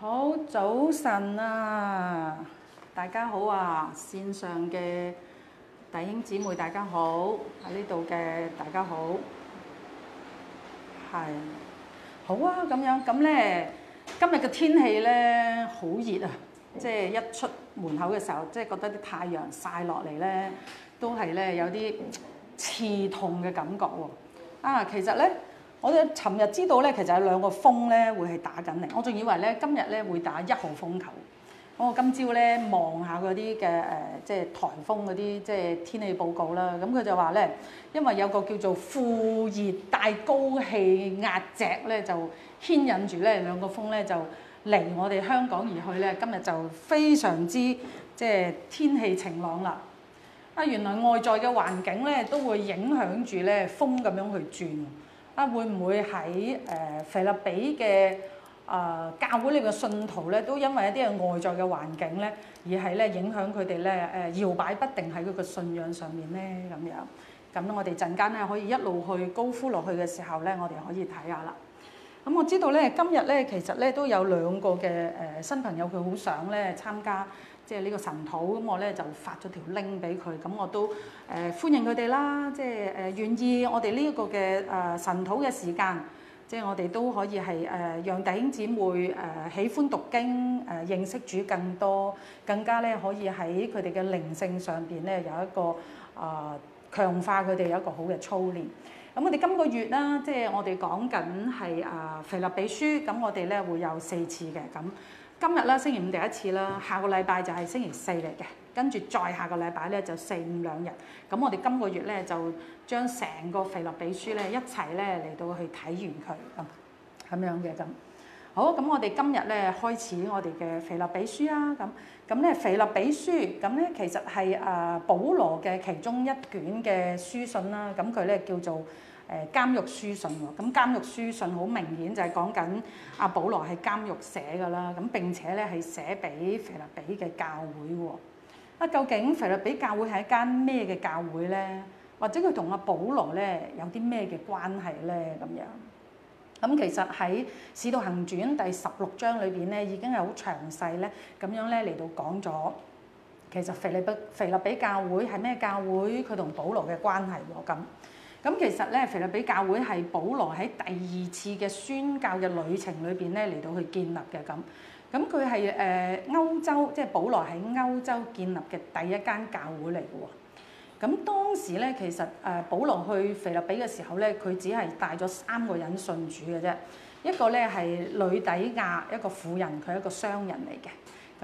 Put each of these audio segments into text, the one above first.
好早晨啊！大家好啊！線上嘅弟兄姊妹大家好，喺呢度嘅大家好，係好啊！咁樣咁咧，今日嘅天氣咧好熱啊！即係一出門口嘅時候，即係覺得啲太陽曬落嚟咧，都係咧有啲刺痛嘅感覺喎。啊，其實咧～我哋尋日知道咧，其實有兩個風咧會係打緊嚟。我仲以為咧今日咧會打一號風球。咁我今朝咧望下嗰啲嘅誒，即係颱風嗰啲即係天氣報告啦。咁佢就話咧，因為有個叫做副熱帶高氣壓脊咧，就牽引住咧兩個風咧就離我哋香港而去咧。今日就非常之即係天氣晴朗啦。啊，原來外在嘅環境咧都會影響住咧風咁樣去轉。啊，會唔會喺誒、呃、腓立比嘅啊、呃、教會你嘅信徒咧，都因為一啲外在嘅環境咧，而係咧影響佢哋咧誒搖擺不定喺佢嘅信仰上面咧咁樣？咁、嗯、我哋陣間咧可以一路去高呼落去嘅時候咧，我哋可以睇下啦。咁、嗯、我知道咧，今日咧其實咧都有兩個嘅誒、呃、新朋友，佢好想咧參加。即係呢個神土咁，我咧就發咗條 link 俾佢，咁我都誒歡迎佢哋啦。即係誒願意我哋呢一個嘅誒神土嘅時間，即係我哋都可以係誒讓弟兄姊妹誒喜歡讀經，誒認識主更多，更加咧可以喺佢哋嘅靈性上邊咧有一個啊強化佢哋有一個好嘅操練。咁我哋今個月啦，即係我哋講緊係啊腓立比書，咁我哋咧會有四次嘅咁。今日咧，星期五第一次啦。下個禮拜就係星期四嚟嘅，跟住再下個禮拜咧就四五兩日。咁我哋今個月咧就將成個腓立比書咧一齊咧嚟到去睇完佢咁咁樣嘅咁好。咁我哋今日咧開始我哋嘅腓立比書啦。咁咁咧腓立比書咁咧其實係啊保羅嘅其中一卷嘅書信啦。咁佢咧叫做。誒監獄書信喎，咁監獄書信好明顯就係講緊阿保羅係監獄寫噶啦，咁並且咧係寫俾腓立比嘅教會喎。啊，究竟腓立比教會係一間咩嘅教會咧？或者佢同阿保羅咧有啲咩嘅關係咧？咁樣，咁其實喺《使徒行傳》第十六章裏邊咧，已經係好詳細咧，咁樣咧嚟到講咗，其實腓立比腓立比教會係咩教會？佢同保羅嘅關係喎咁。咁其實咧，腓立比教會係保羅喺第二次嘅宣教嘅旅程裏邊咧嚟到去建立嘅咁。咁佢係誒歐洲，即係保羅喺歐洲建立嘅第一間教會嚟嘅喎。咁當時咧，其實誒、呃、保羅去腓立比嘅時候咧，佢只係帶咗三個人信主嘅啫。一個咧係呂底亞，一個婦人，佢係一個商人嚟嘅。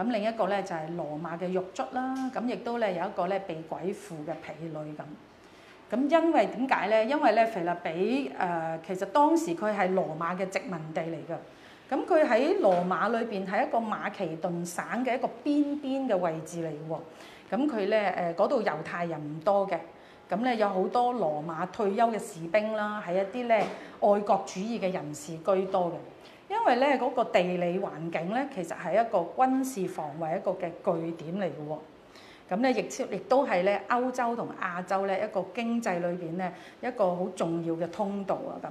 咁另一個咧就係、是、羅馬嘅獄卒啦。咁亦都咧有一個咧被鬼附嘅婢女咁。咁因為點解咧？因為咧，腓立比誒、呃、其實當時佢係羅馬嘅殖民地嚟㗎。咁佢喺羅馬裏邊係一個馬其頓省嘅一個邊邊嘅位置嚟㗎喎。咁佢咧誒嗰度猶太人唔多嘅。咁咧有好多羅馬退休嘅士兵啦，係一啲咧愛國主義嘅人士居多嘅。因為咧嗰個地理環境咧，其實係一個軍事防衞一個嘅據點嚟嘅喎。咁咧，亦亦都係咧歐洲同亞洲咧一個經濟裏邊咧一個好重要嘅通道啊！咁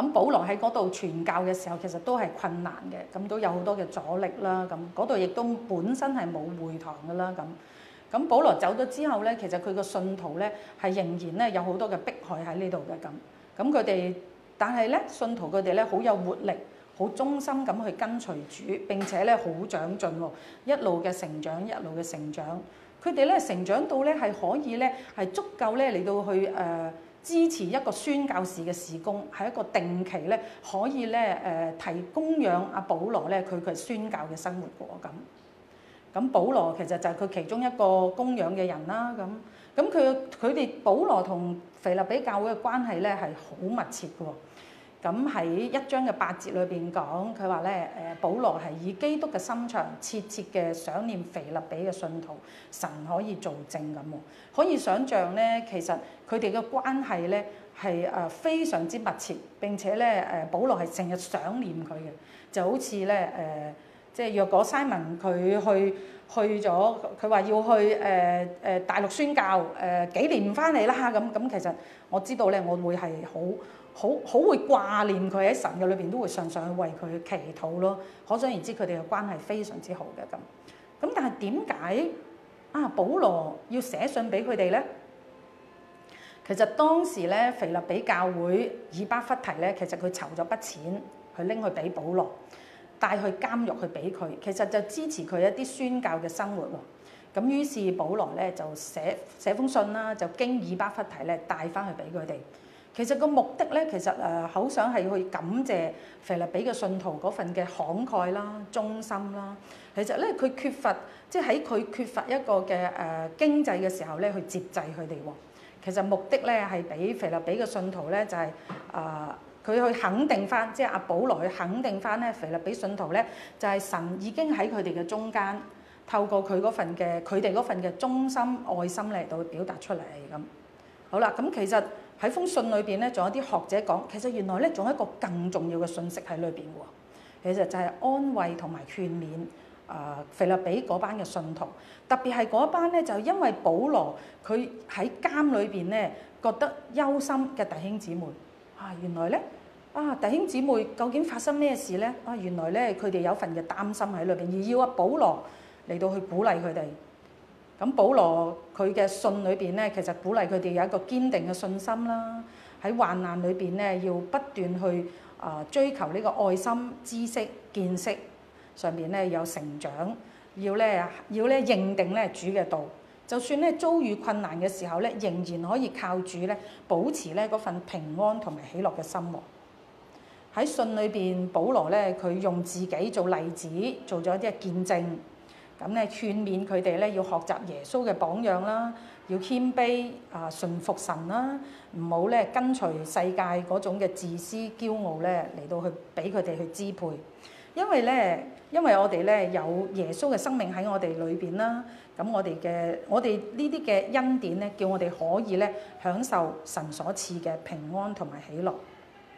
咁，保羅喺嗰度傳教嘅時候，其實都係困難嘅，咁都有好多嘅阻力啦。咁嗰度亦都本身係冇會堂噶啦。咁咁，保羅走咗之後咧，其實佢個信徒咧係仍然咧有好多嘅迫害喺呢度嘅。咁咁，佢哋但係咧信徒佢哋咧好有活力，好忠心咁去跟隨主，並且咧好長進喎，一路嘅成長，一路嘅成長。佢哋咧成長到咧係可以咧係足夠咧嚟到去誒支持一個宣教士嘅事工，係一個定期咧可以咧誒提供養阿保羅咧佢嘅宣教嘅生活喎咁。咁保羅其實就係佢其中一個供養嘅人啦咁。咁佢佢哋保羅同腓立比教會嘅關係咧係好密切嘅喎。咁喺一章嘅八節裏邊講，佢話咧誒，保羅係以基督嘅心腸，切切嘅想念腓立比嘅信徒，神可以做證咁。可以想象咧，其實佢哋嘅關係咧係誒非常之密切，並且咧誒保羅係成日想念佢嘅，就好似咧誒，即係若果 Simon 佢去去咗，佢話要去誒誒、呃呃、大陸宣教誒、呃、幾年唔翻嚟啦，咁咁其實我知道咧，我會係好，好好會掛念佢喺神嘅裏邊都會常常去為佢祈禱咯。可想而知佢哋嘅關係非常之好嘅咁。咁但係點解啊？保羅要寫信俾佢哋咧？其實當時咧，腓立比教會以巴弗提咧，其實佢籌咗筆錢去拎去俾保羅，帶去監獄去俾佢，其實就支持佢一啲宣教嘅生活喎。咁、啊、於是保羅咧就寫寫封信啦，就經以巴弗提咧帶翻去俾佢哋。其實個目的咧，其實誒好想係去感謝腓立比嘅信徒嗰份嘅慷慨啦、忠心啦。其實咧，佢缺乏即係喺佢缺乏一個嘅誒經濟嘅時候咧，去接濟佢哋。其實目的咧係俾腓立比嘅信徒咧，就係誒佢去肯定返，即係阿保羅去肯定返咧。腓立比信徒咧就係神已經喺佢哋嘅中間，透過佢嗰份嘅佢哋嗰份嘅忠心愛心嚟到表達出嚟咁。好啦，咁其實。喺封信裏邊咧，仲有啲學者講，其實原來咧，仲有一個更重要嘅信息喺裏邊喎。其實就係安慰同埋勸勉啊，腓立比嗰班嘅信徒，特別係嗰班咧，就因為保羅佢喺監裏邊咧，覺得憂心嘅弟兄姊妹啊，原來咧啊，弟兄姊妹究竟發生咩事咧？啊，原來咧，佢哋有份嘅擔心喺裏邊，而要阿保羅嚟到去鼓勵佢哋。咁保羅佢嘅信裏邊咧，其實鼓勵佢哋有一個堅定嘅信心啦。喺患難裏邊咧，要不斷去啊追求呢個愛心、知識、見識上面咧有成長，要咧要咧認定咧主嘅道。就算咧遭遇困難嘅時候咧，仍然可以靠主咧保持咧嗰份平安同埋喜樂嘅心喎。喺信裏邊，保羅咧佢用自己做例子，做咗一啲嘅見證。咁咧，勸勉佢哋咧要學習耶穌嘅榜樣啦，要謙卑啊，順服神啦，唔好咧跟隨世界嗰種嘅自私、驕傲咧嚟到去俾佢哋去支配。因為咧，因為我哋咧有耶穌嘅生命喺我哋裏邊啦，咁我哋嘅我哋呢啲嘅恩典咧，叫我哋可以咧享受神所賜嘅平安同埋喜樂。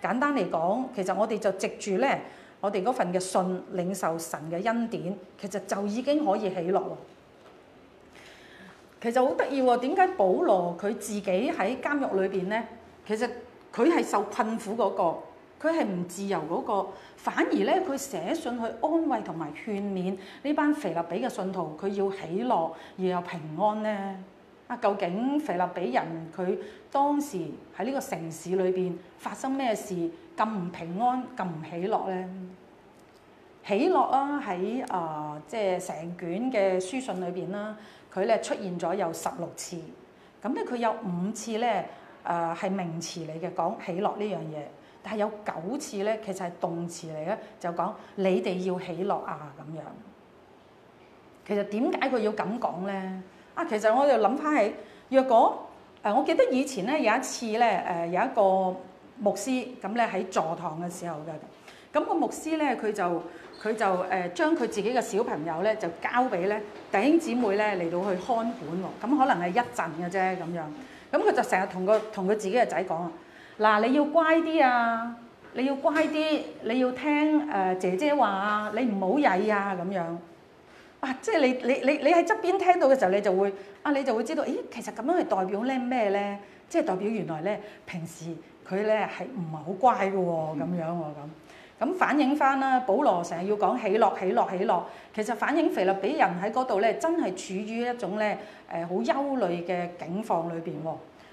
簡單嚟講，其實我哋就藉住咧。我哋嗰份嘅信，領受神嘅恩典，其實就已經可以起落。其實好得意喎，點解保羅佢自己喺監獄裏邊咧？其實佢係受困苦嗰個，佢係唔自由嗰個，反而咧佢寫信去安慰同埋勸勉呢班腓立比嘅信徒，佢要起落而又平安咧。啊，究竟腓立比人佢當時喺呢個城市裏邊發生咩事咁唔平安、咁唔喜樂咧？喜樂啊，喺啊即係成卷嘅書信裏邊啦，佢咧出現咗有十六次。咁咧佢有五次咧，誒、呃、係名詞嚟嘅，講喜樂呢樣嘢。但係有九次咧，其實係動詞嚟嘅，就講你哋要喜樂啊咁樣。其實點解佢要咁講咧？啊，其實我就諗翻起，若果誒、呃，我記得以前咧有一次咧誒、呃，有一個牧師咁咧喺座堂嘅時候嘅，咁、個牧師咧佢就佢就誒將佢自己嘅小朋友咧就交俾咧弟兄姊妹咧嚟到去看管喎，咁可能係一陣嘅啫咁樣，咁、嗯、佢就成日同個同佢自己嘅仔講啊，嗱你要乖啲啊，你要乖啲，你要聽誒、呃、姐姐話啊，你唔好曳啊咁樣。即係你你你你喺側邊聽到嘅時候，你就會啊，你就會知道，咦，其實咁樣係代表咧咩咧？即係代表原來咧，平時佢咧係唔係好乖嘅喎？咁樣喎咁咁反映翻啦。保羅成日要講喜樂，喜樂，喜樂，其實反映肥勒比腓立比人喺嗰度咧，真係處於一種咧誒好憂慮嘅境況裏邊。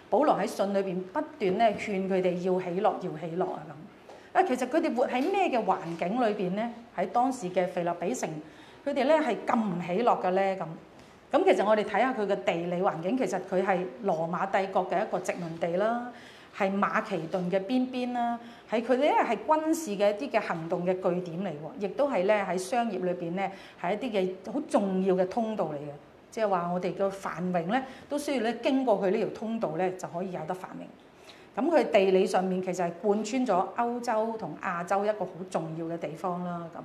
保羅喺信裏邊不斷咧勸佢哋要喜樂要喜樂啊咁啊！其實佢哋活喺咩嘅環境裏邊咧？喺當時嘅腓立比城。佢哋咧係咁唔起落嘅咧咁，咁其實我哋睇下佢嘅地理環境，其實佢係羅馬帝國嘅一個殖民地啦，係馬其頓嘅邊邊啦，係佢哋咧係軍事嘅一啲嘅行動嘅據點嚟喎，亦都係咧喺商業裏邊咧係一啲嘅好重要嘅通道嚟嘅，即係話我哋嘅繁榮咧都需要咧經過佢呢條通道咧就可以有得繁榮。咁佢地理上面其實係貫穿咗歐洲同亞洲一個好重要嘅地方啦咁。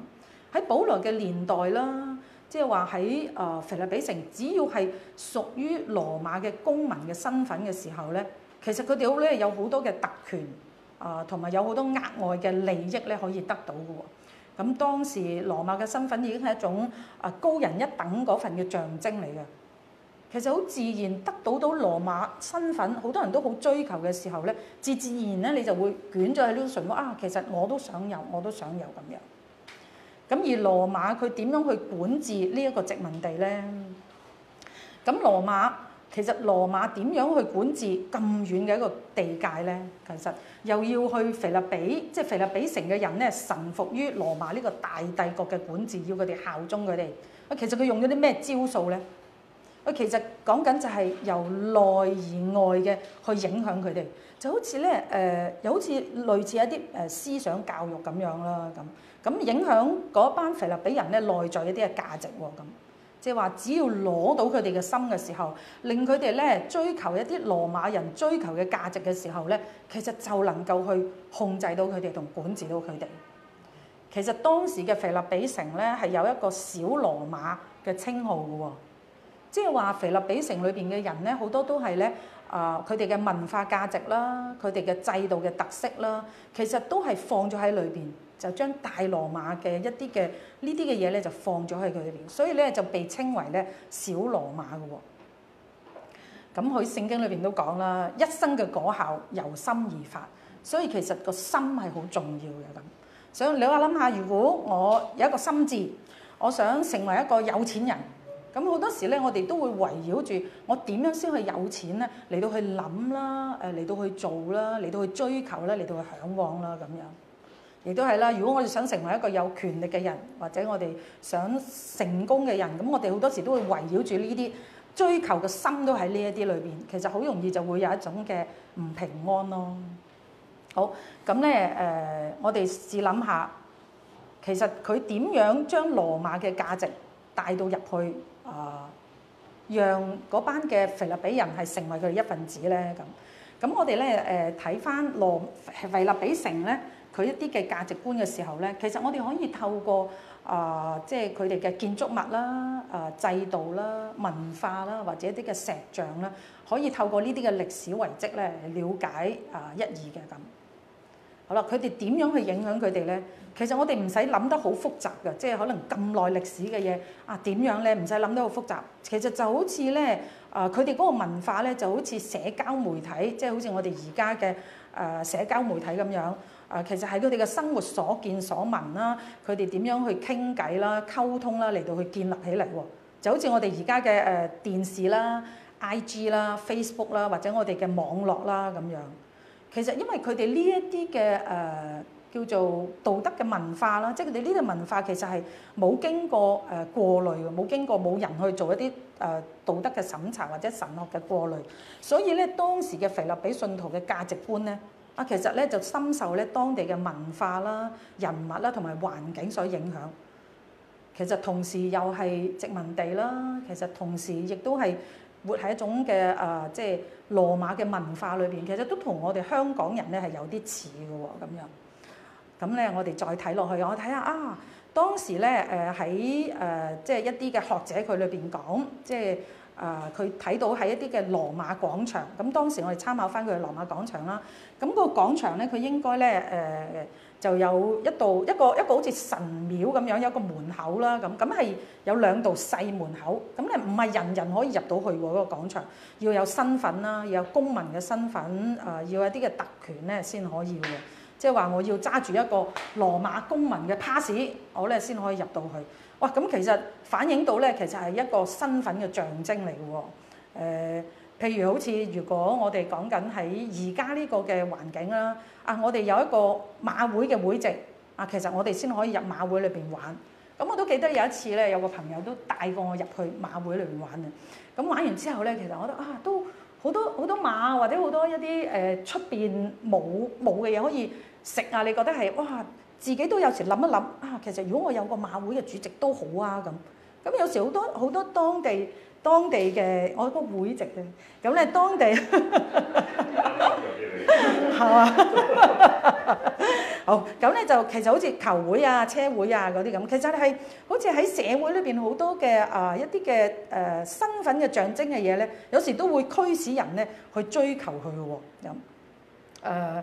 喺保羅嘅年代啦，即係話喺誒腓立比城，只要係屬於羅馬嘅公民嘅身份嘅時候咧，其實佢哋好咧有好多嘅特權啊，同、呃、埋有好多額外嘅利益咧可以得到嘅喎。咁當時羅馬嘅身份已經係一種啊高人一等嗰份嘅象徵嚟嘅。其實好自然得到到羅馬身份，好多人都好追求嘅時候咧，自自然然咧你就會捲咗喺呢條漩渦啊！其實我都想有，我都想有咁樣。咁而羅馬佢點樣去管治呢一個殖民地咧？咁羅馬其實羅馬點樣去管治咁遠嘅一個地界咧？其實又要去腓立比，即係腓立比城嘅人咧，臣服於羅馬呢個大帝國嘅管治，要佢哋效忠佢哋。啊，其實佢用咗啲咩招數咧？啊，其實講緊就係由內而外嘅去影響佢哋，就好似咧誒，又、呃、好似類似一啲誒思想教育咁樣啦咁。咁影響嗰班腓立比人咧內在一啲嘅價值喎，咁即係話只要攞到佢哋嘅心嘅時候，令佢哋咧追求一啲羅馬人追求嘅價值嘅時候咧，其實就能夠去控制到佢哋同管治到佢哋。其實當時嘅腓立比城咧係有一個小羅馬嘅稱號嘅喎，即係話腓立比城裏邊嘅人咧好多都係咧啊佢哋嘅文化價值啦，佢哋嘅制度嘅特色啦，其實都係放咗喺裏邊。就將大羅馬嘅一啲嘅呢啲嘅嘢咧，就放咗喺佢裏邊，所以咧就被稱為咧小羅馬嘅喎。咁、嗯、佢聖經裏邊都講啦，一生嘅果效由心而發，所以其實個心係好重要嘅咁。所以你話諗下，如果我有一個心智，我想成為一個有錢人，咁好多時咧我哋都會圍繞住我點樣先去有錢咧，嚟到去諗啦，誒嚟到去做啦，嚟到去追求咧，嚟到去嚮往啦咁樣。亦都係啦。如果我哋想成為一個有權力嘅人，或者我哋想成功嘅人，咁我哋好多時都會圍繞住呢啲追求嘅心都喺呢一啲裏邊。其實好容易就會有一種嘅唔平安咯。好咁咧，誒、呃，我哋試諗下，其實佢點樣將羅馬嘅價值帶到入去啊、呃，讓嗰班嘅腓立比人係成為佢哋一份子咧？咁咁我哋咧誒睇翻羅腓立比城咧。佢一啲嘅價值觀嘅時候咧，其實我哋可以透過啊，即係佢哋嘅建築物啦、啊制度啦、文化啦，或者一啲嘅石像啦，可以透過呢啲嘅歷史遺跡咧，瞭解啊一二嘅咁。好啦，佢哋點樣去影響佢哋咧？其實我哋唔使諗得好複雜嘅，即係可能咁耐歷史嘅嘢啊，點樣咧？唔使諗得好複雜。其實就好似咧啊，佢哋嗰個文化咧就好似社交媒體，即係好似我哋而家嘅誒社交媒體咁樣。啊，其實係佢哋嘅生活所見所聞啦，佢哋點樣去傾偈啦、溝通啦，嚟到去建立起嚟喎。就好似我哋而家嘅誒電視啦、IG 啦、Facebook 啦，或者我哋嘅網絡啦咁樣。其實因為佢哋呢一啲嘅誒叫做道德嘅文化啦，即係佢哋呢個文化其實係冇經過誒過濾，冇經過冇人去做一啲誒道德嘅審查或者神學嘅過濾，所以咧當時嘅腓立比信徒嘅價值觀咧。啊，其實咧就深受咧當地嘅文化啦、人物啦同埋環境所影響。其實同時又係殖民地啦，其實同時亦都係活喺一種嘅誒、呃，即係羅馬嘅文化裏邊。其實都同我哋香港人咧係有啲似嘅喎，咁樣。咁咧，我哋再睇落去，我睇下啊，當時咧誒喺誒即係一啲嘅學者佢裏邊講，即係。啊！佢睇、呃、到喺一啲嘅羅馬廣場，咁當時我哋參考返佢嘅羅馬廣場啦。咁、那個廣場咧，佢應該咧誒、呃，就有一道一個一個好似神廟咁樣，有個門口啦。咁咁係有兩道細門口，咁咧唔係人人可以入到去嗰、那個廣場，要有身份啦，要有公民嘅身份，誒、呃、要有啲嘅特權咧先可以嘅。即係話我要揸住一個羅馬公民嘅 pass，我咧先可以入到去。哇！咁其實反映到咧，其實係一個身份嘅象徵嚟嘅喎。誒，譬如好似如果我哋講緊喺而家呢個嘅環境啦，啊，我哋有一個馬會嘅會籍，啊，其實我哋先可以入馬會裏邊玩。咁我都記得有一次咧，有個朋友都帶過我入去馬會裏邊玩啊。咁玩完之後咧，其實我覺得啊，都好多好多馬，或者好多一啲誒出邊冇冇嘅嘢可以食啊，你覺得係哇？自己都有時諗一諗啊，其實如果我有個馬會嘅主席都好啊咁。咁有時好多好多當地當地嘅我個會籍嘅，咁咧當地，係啊？好，咁咧就其實好似球會啊、車會啊嗰啲咁，其實係好似喺社會裏邊好多嘅誒一啲嘅誒身份嘅象徵嘅嘢咧，有時都會驅使人咧去追求佢嘅喎咁誒。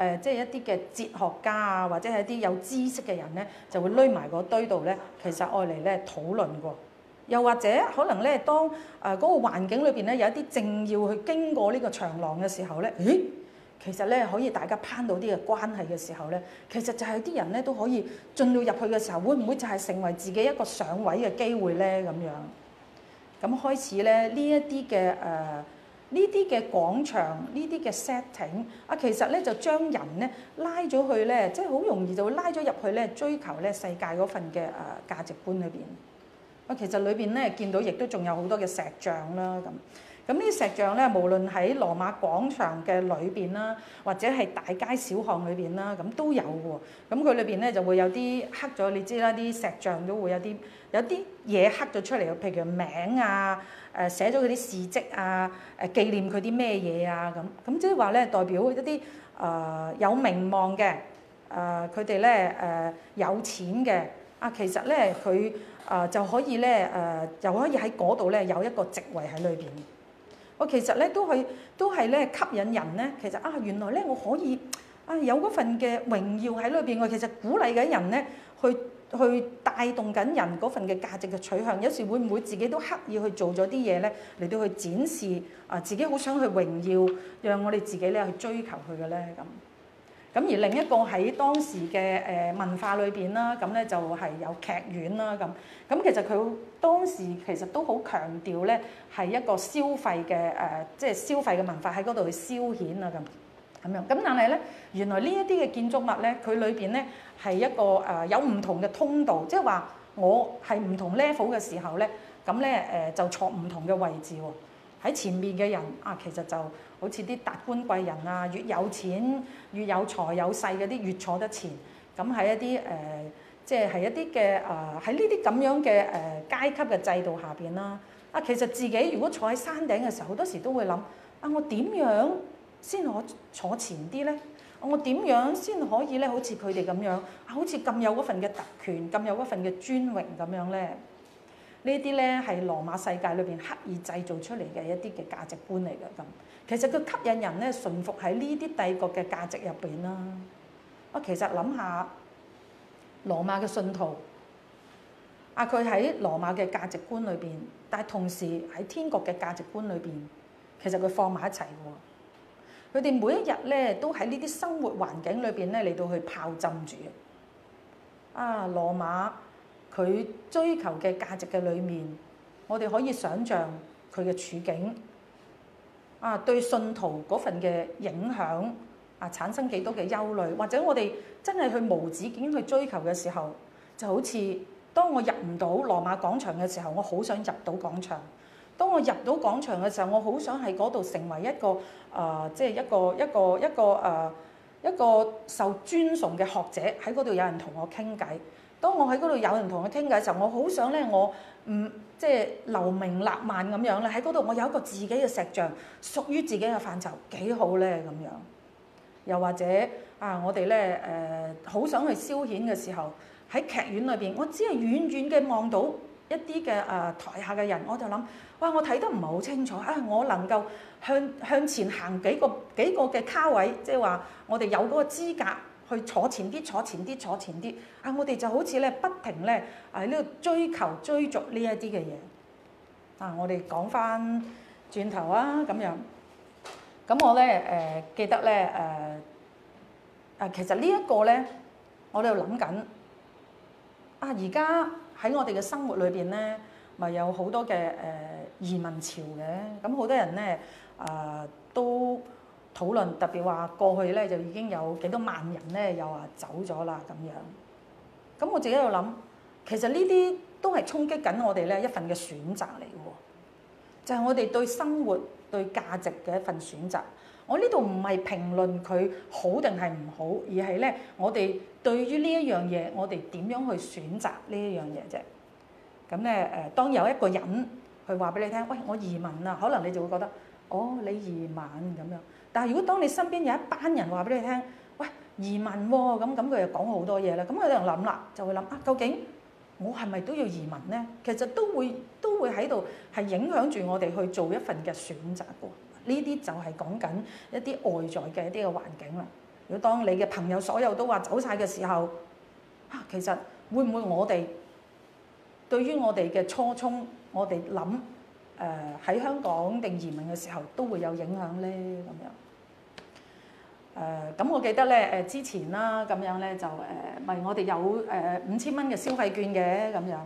誒、呃，即係一啲嘅哲學家啊，或者係一啲有知識嘅人咧，就會匿埋嗰堆度咧。其實愛嚟咧討論過，又或者可能咧，當誒嗰、呃那個環境裏邊咧，有一啲政要去經過呢個長廊嘅時候咧，咦，其實咧可以大家攀到啲嘅關係嘅時候咧，其實就係啲人咧都可以進到入去嘅時候，會唔會就係成為自己一個上位嘅機會咧？咁樣咁開始咧，呢一啲嘅誒。呃呢啲嘅廣場，呢啲嘅 setting，啊，其實咧就將人咧拉咗去咧，即係好容易就拉咗入去咧，追求咧世界嗰份嘅誒價值觀裏邊。啊，其實裏邊咧見到亦都仲有好多嘅石像啦，咁咁呢啲石像咧，無論喺羅馬廣場嘅裏邊啦，或者係大街小巷裏邊啦，咁、啊、都有嘅。咁佢裏邊咧就會有啲黑咗，你知啦，啲石像都會有啲有啲嘢黑咗出嚟嘅，譬如名啊。誒、呃、寫咗佢啲事蹟啊，誒、呃、紀念佢啲咩嘢啊咁，咁即係話咧代表一啲誒、呃、有名望嘅，誒佢哋咧誒有錢嘅，啊其實咧佢誒就可以咧誒又可以喺嗰度咧有一個席位喺裏邊。我其實咧都係都係咧吸引人咧，其實啊原來咧我可以啊有嗰份嘅榮耀喺裏邊，我其實鼓勵緊人咧去。去帶動緊人嗰份嘅價值嘅取向，有時會唔會自己都刻意去做咗啲嘢咧，嚟到去展示啊自己好想去榮耀，讓我哋自己咧去追求佢嘅咧咁。咁而另一個喺當時嘅誒文化裏邊啦，咁咧就係有劇院啦咁。咁其實佢當時其實都好強調咧，係一個消費嘅誒，即係消費嘅文化喺嗰度去消遣啊咁。咁樣咁，但係咧，原來呢一啲嘅建築物咧，佢裏邊咧係一個誒、呃，有唔同嘅通道，即係話我係唔同 level 嘅時候咧，咁咧誒就坐唔同嘅位置喎、哦。喺前面嘅人啊，其實就好似啲達官貴人啊，越有錢越有財有勢嗰啲，越坐得前。咁喺一啲誒、呃，即係係一啲嘅誒，喺呢啲咁樣嘅誒階級嘅制度下邊啦。啊，其實自己如果坐喺山頂嘅時候，好多時都會諗啊，我點樣，先可坐前啲咧，我點樣先可以咧？好似佢哋咁樣，好似咁有嗰份嘅特權，咁有嗰份嘅尊榮咁樣咧。呢啲咧係羅馬世界裏邊刻意製造出嚟嘅一啲嘅價值觀嚟嘅。咁其實佢吸引人咧，順服喺呢啲帝國嘅價值入邊啦。我其實諗下羅馬嘅信徒啊，佢喺羅馬嘅價值觀裏邊，但係同時喺天國嘅價值觀裏邊，其實佢放埋一齊㗎喎。佢哋每一日咧都喺呢啲生活環境裏邊咧嚟到去泡浸住，啊羅馬佢追求嘅價值嘅裏面，我哋可以想象佢嘅處境，啊對信徒嗰份嘅影響，啊產生幾多嘅憂慮，或者我哋真係去無止境去追求嘅時候，就好似當我入唔到羅馬廣場嘅時候，我好想入到廣場。當我入到廣場嘅時候，我好想喺嗰度成為一個啊、呃，即係一個一個一個誒、呃，一個受尊崇嘅學者喺嗰度有人同我傾偈。當我喺嗰度有人同我傾偈嘅時候，我好想咧，我唔、嗯、即係留名立萬咁樣咧，喺嗰度我有一個自己嘅石像，屬於自己嘅範疇，幾好咧咁樣。又或者啊，我哋咧誒好想去消遣嘅時候，喺劇院裏邊，我只係遠遠嘅望到。一啲嘅誒台下嘅人，我就諗，哇！我睇得唔係好清楚啊！我能夠向向前行幾個幾個嘅卡位，即係話我哋有嗰個資格去坐前啲、坐前啲、坐前啲啊！我哋就好似咧不停咧喺呢度、啊這個、追求追逐呢一啲嘅嘢啊！我哋講返轉頭啊，咁樣咁我咧誒、呃、記得咧誒誒，其實呢一個咧我哋喺度諗緊啊，而家。喺我哋嘅生活裏邊咧，咪有好多嘅誒、呃、移民潮嘅，咁好多人咧啊、呃、都討論，特別話過去咧就已經有幾多萬人咧又話走咗啦咁樣。咁我自己喺度諗，其實衝擊呢啲都係衝擊緊我哋咧一份嘅選擇嚟嘅，就係、是、我哋對生活對價值嘅一份選擇。我呢度唔係評論佢好定係唔好，而係咧，我哋對於呢一樣嘢，我哋點樣去選擇呢一樣嘢啫？咁咧，誒，當有一個人去話俾你聽，喂，我移民啦，可能你就會覺得，哦，你移民咁樣。但係如果當你身邊有一班人話俾你聽，喂，移民喎，咁咁佢又講好多嘢啦，咁佢哋又諗啦，就會諗啊，究竟我係咪都要移民咧？其實都會都會喺度係影響住我哋去做一份嘅選擇嘅。呢啲就係講緊一啲外在嘅一啲嘅環境啦。如果當你嘅朋友所有都話走晒嘅時候，啊，其實會唔會我哋對於我哋嘅初衷，我哋諗誒喺香港定移民嘅時候都會有影響咧咁樣。誒、呃、咁，我記得咧誒之前啦咁樣咧就誒咪、呃、我哋有誒、呃、五千蚊嘅消費券嘅咁樣。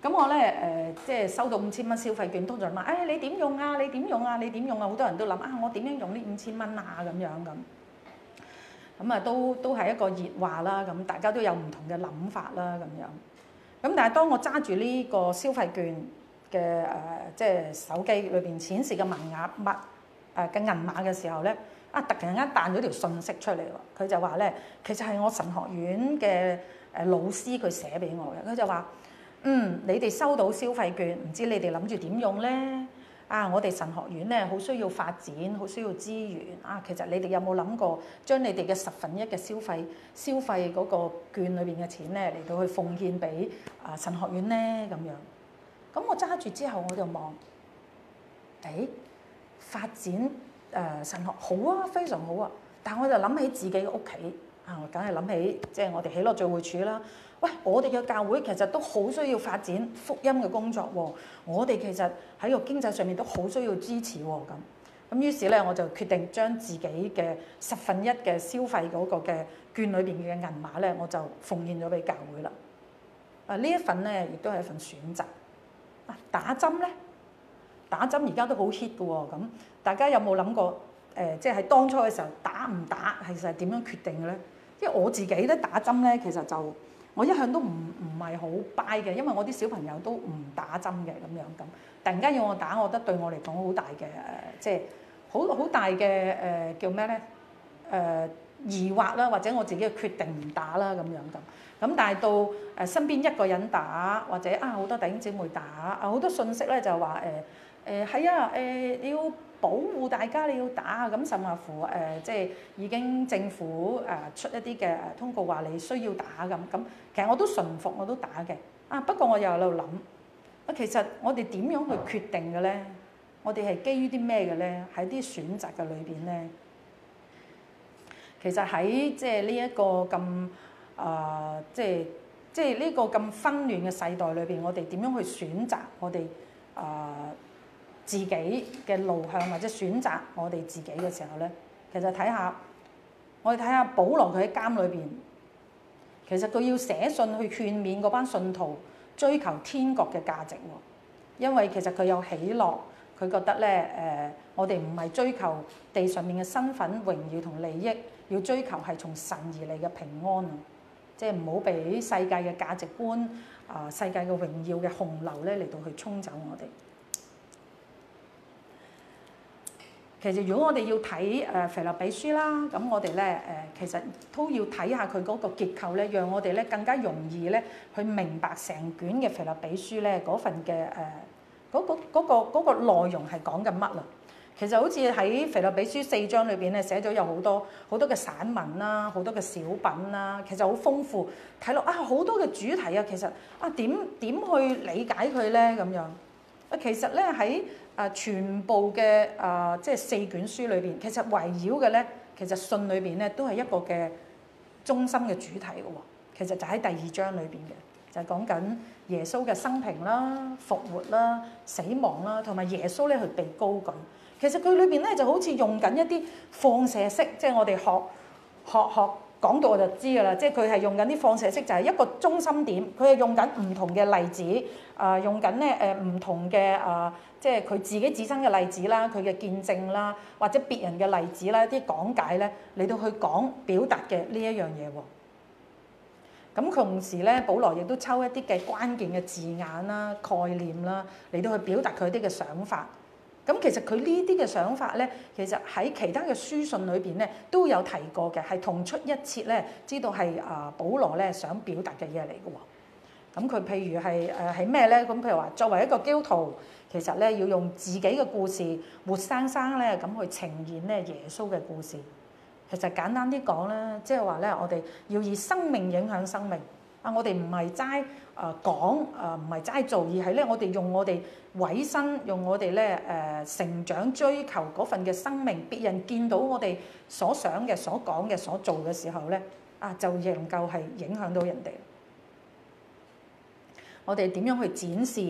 咁我咧誒、呃，即係收到五千蚊消費券，通常問：誒、哎、你點用啊？你點用啊？你點用啊？好多人都諗啊，我點樣用呢五千蚊啊？咁樣咁，咁啊都都係一個熱話啦。咁大家都有唔同嘅諗法啦。咁樣，咁但係當我揸住呢個消費券嘅誒、呃，即係手機裏邊顯示嘅文額碼誒嘅銀碼嘅時候咧，啊突然間彈咗條信息出嚟喎，佢就話咧，其實係我神學院嘅誒老師佢寫俾我嘅，佢就話。嗯，你哋收到消費券，唔知你哋諗住點用呢？啊，我哋神學院咧，好需要發展，好需要資源。啊，其實你哋有冇諗過將你哋嘅十分一嘅消費消費嗰個券裏邊嘅錢咧，嚟到去奉獻俾啊神學院呢？咁樣。咁我揸住之後我就望，誒、哎、發展誒、呃、神學好啊，非常好啊！但我就諗起自己嘅屋企啊，梗係諗起即係我哋喜樂聚會處啦。喂，我哋嘅教會其實都好需要發展福音嘅工作，哦。我哋其實喺個經濟上面都好需要支持咁，哦、咁，於是咧我就決定將自己嘅十分一嘅消費嗰個嘅券裏邊嘅銀碼咧，我就奉獻咗俾教會啦。啊，呢一份咧亦都係一份選擇。打針咧，打針而家都好 hit 嘅咁，大家有冇諗過誒？即、呃、係、喺、當初嘅時候打唔打，其實係點樣決定嘅咧？因為我自己咧打針咧，其實就。我一向都唔唔係好 buy 嘅，因為我啲小朋友都唔打針嘅，咁樣咁，突然間要我打，我覺得對我嚟講好大嘅，即係好好大嘅誒、呃、叫咩咧？誒、呃、疑惑啦，或者我自己嘅決定唔打啦咁樣咁。咁但係到誒身邊一個人打，或者啊好多弟兄姊妹打啊好多信息咧就話誒誒係啊誒要。保護大家你要打啊，咁甚或乎誒，即係已經政府誒、呃、出一啲嘅通告話你需要打咁咁，其實我都順服，我都打嘅。啊，不過我又喺度諗，啊其實我哋點樣去決定嘅咧？我哋係基於啲咩嘅咧？喺啲選擇嘅裏邊咧，其實喺即係呢一個咁啊，即係、呃、即係呢個咁紛亂嘅世代裏邊，我哋點樣去選擇我哋啊？呃自己嘅路向或者選擇我哋自己嘅時候咧，其實睇下我哋睇下保羅佢喺監裏邊，其實佢要寫信去勸勉嗰班信徒追求天國嘅價值，因為其實佢有喜樂，佢覺得咧誒、呃、我哋唔係追求地上面嘅身份榮耀同利益，要追求係從神而嚟嘅平安啊！即係唔好俾世界嘅價值觀啊、呃，世界嘅榮耀嘅洪流咧嚟到去沖走我哋。其實如果我哋要睇誒《腓立比書》啦，咁我哋咧誒，其實都要睇下佢嗰個結構咧，讓我哋咧更加容易咧去明白成卷嘅《腓立比書》咧嗰份嘅誒嗰個嗰個嗰個內容係講緊乜啦。其實好似喺《腓立比書》四章裏邊咧寫咗有好多好多嘅散文啦，好多嘅小品啦，其實好豐富。睇落啊，好多嘅主題啊，其實啊點點去理解佢咧咁樣啊？其實咧喺啊！全部嘅啊、呃，即係四卷書裏邊，其實圍繞嘅咧，其實信裏邊咧都係一個嘅中心嘅主題喎。其實就喺第二章裏邊嘅，就係講緊耶穌嘅生平啦、復活啦、死亡啦，同埋耶穌咧去被高舉。其實佢裏邊咧就好似用緊一啲放射式，即係我哋學學學。學學講到我就知㗎啦，即係佢係用緊啲放射式，就係一個中心點，佢係用緊唔同嘅例子，啊、呃，用緊咧誒唔同嘅啊、呃，即係佢自己自身嘅例子啦，佢嘅見證啦，或者別人嘅例子啦，啲講解咧嚟到去講表達嘅呢一樣嘢喎。咁、嗯、同時咧，保羅亦都抽一啲嘅關鍵嘅字眼啦、概念啦，嚟到去表達佢啲嘅想法。咁其實佢呢啲嘅想法咧，其實喺其他嘅書信裏邊咧都有提過嘅，係同出一轍咧，知道係啊，保羅咧想表達嘅嘢嚟嘅喎。咁佢譬如係誒係咩咧？咁譬如話，作為一個基督徒，其實咧要用自己嘅故事活生生咧咁去呈現咧耶穌嘅故事。其實簡單啲講啦，即係話咧，我哋要以生命影響生命。啊，我哋唔係齋誒講誒，唔係齋做，而係咧，我哋用我哋。委身用我哋咧，誒、呃、成長追求嗰份嘅生命，別人見到我哋所想嘅、所講嘅、所做嘅時候咧，啊，就仍舊係影響到人哋。我哋點樣去展示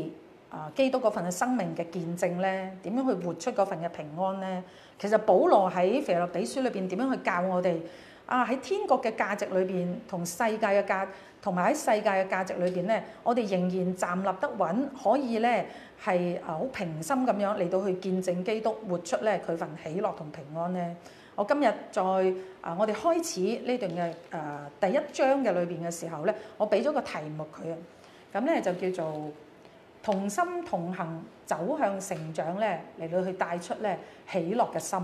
啊、呃、基督嗰份嘅生命嘅見證咧？點樣去活出嗰份嘅平安咧？其實保羅喺腓立比書裏邊點樣去教我哋？啊！喺天國嘅價值裏邊，同世界嘅價，同埋喺世界嘅價值裏邊咧，我哋仍然站立得穩，可以咧係啊好平心咁樣嚟到去見證基督活出咧佢份喜樂同平安咧。我今日在啊，我哋開始呢段嘅誒第一章嘅裏邊嘅時候咧，我俾咗個題目佢啊，咁咧就叫做同心同行走向成長咧，嚟到去帶出咧喜樂嘅心。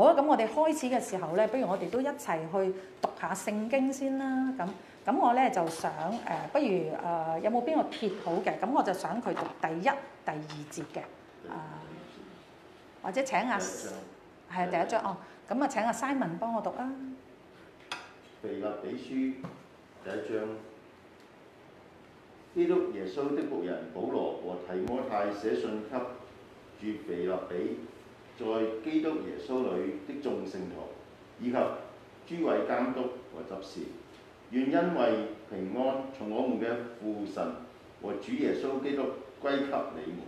好啦，咁我哋開始嘅時候咧，不如我哋都一齊去讀下聖經先啦。咁咁我咧就想誒、呃，不如誒、呃、有冇邊個貼好嘅？咁我就想佢讀第一、第二節嘅誒、呃，或者請阿係啊第一章哦，咁啊請阿 Simon 幫我讀啦。腓立比書第一章，基督耶穌的僕人保羅和提摩太寫信給住腓立比。在基督耶穌裏的眾聖徒，以及諸位監督和執事，願因為平安從我們嘅父神和主耶穌基督歸給你們。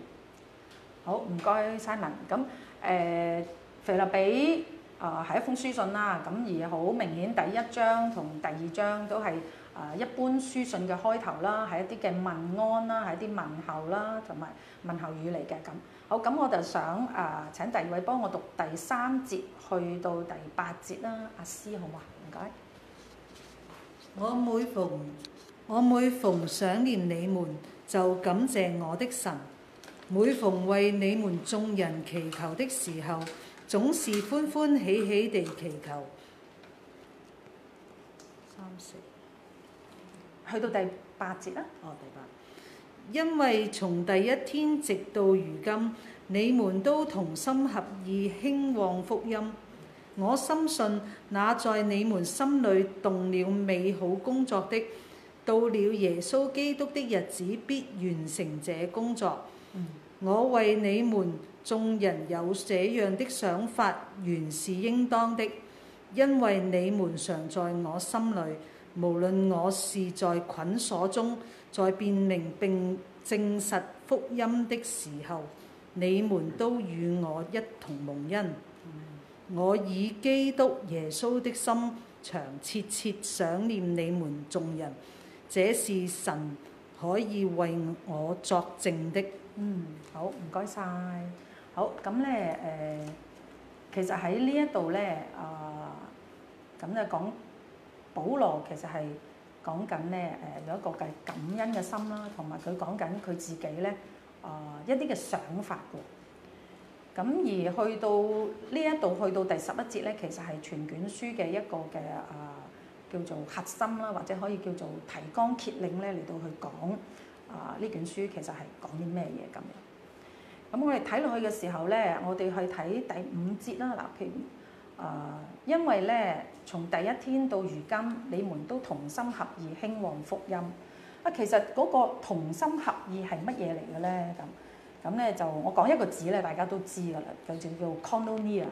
好，唔該 Simon。咁誒，腓、呃、立比啊，係、呃、一封書信啦。咁而好明顯，第一章同第二章都係啊一般書信嘅開頭啦，係一啲嘅問安啦，係一啲問候啦，同埋問候語嚟嘅咁。好，咁我就想啊、呃，請第二位幫我讀第三節去到第八節啦，阿、啊、師好嗎？唔該。我每逢我每逢想念你們，就感謝我的神；每逢為你們眾人祈求的時候，總是歡歡喜喜地祈求。三四，去到第八節啦。哦，第八。因為從第一天直到如今，你們都同心合意興旺福音。我深信那在你們心裏動了美好工作的，到了耶穌基督的日子必完成這工作。我為你們眾人有這樣的想法，原是應當的，因為你們常在我心裏，無論我是在捆鎖中。在辨明並證實福音的時候，你們都與我一同蒙恩。嗯、我以基督耶穌的心腸切切想念你們眾人，這是神可以為我作證的。嗯，好，唔該晒。好，咁咧誒，其實喺呢一度咧啊，咁、呃、就講保羅其實係。講緊咧誒有一個嘅感恩嘅心啦，同埋佢講緊佢自己咧啊一啲嘅想法嘅。咁而去到呢一度去到第十一節咧，其實係全卷書嘅一個嘅啊叫做核心啦，或者可以叫做提綱挈領咧嚟到去講啊呢卷書其實係講啲咩嘢咁樣。咁我哋睇落去嘅時候咧，我哋去睇第五節啦，嗱譬如。啊，因為咧，從第一天到如今，你們都同心合意興旺福音。啊，其實嗰個同心合意係乜嘢嚟嘅咧？咁咁咧就我講一個字咧，大家都知㗎啦，叫做就叫叫 koinonia。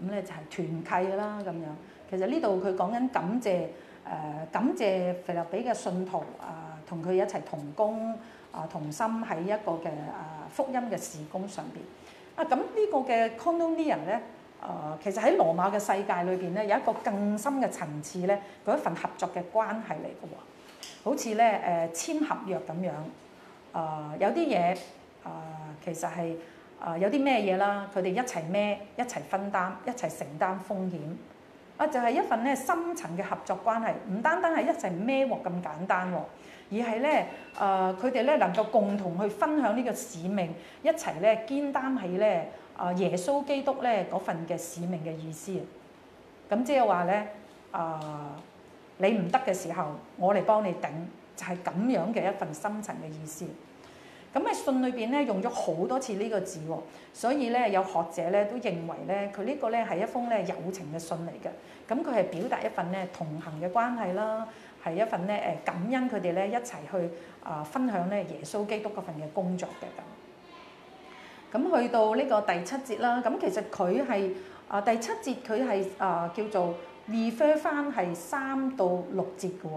咁咧就係團契啦，咁樣。其實呢度佢講緊感謝誒、呃，感謝腓立比嘅信徒啊，同佢一齊同工啊，同心喺一個嘅啊福音嘅事工上邊。啊，咁呢個嘅 koinonia 咧。誒，uh, 其實喺羅馬嘅世界裏邊咧，有一個更深嘅層次咧，嗰一份合作嘅關係嚟嘅喎，好似咧誒簽合約咁樣，誒、呃、有啲嘢誒其實係誒、呃、有啲咩嘢啦，佢哋一齊孭，一齊分擔，一齊承擔風險，啊、呃、就係、是、一份咧深層嘅合作關係，唔單單係一齊孭鑊咁簡單，呃、而係咧誒佢哋咧能夠共同去分享呢個使命，一齊咧肩擔起咧。啊！耶穌基督咧嗰份嘅使命嘅意思，咁、嗯、即係話咧啊，你唔得嘅時候，我嚟幫你頂，就係、是、咁樣嘅一份深層嘅意思。咁、嗯、喺信裏邊咧用咗好多次呢個字，哦，所以咧有學者咧都認為咧佢呢個咧係一封咧友情嘅信嚟嘅。咁佢係表達一份咧同行嘅關係啦，係一份咧誒感恩佢哋咧一齊去啊、呃、分享咧耶穌基督嗰份嘅工作嘅咁。咁去到呢個第七節啦，咁其實佢係啊第七節佢係啊叫做 refer 翻係三到六節嘅喎，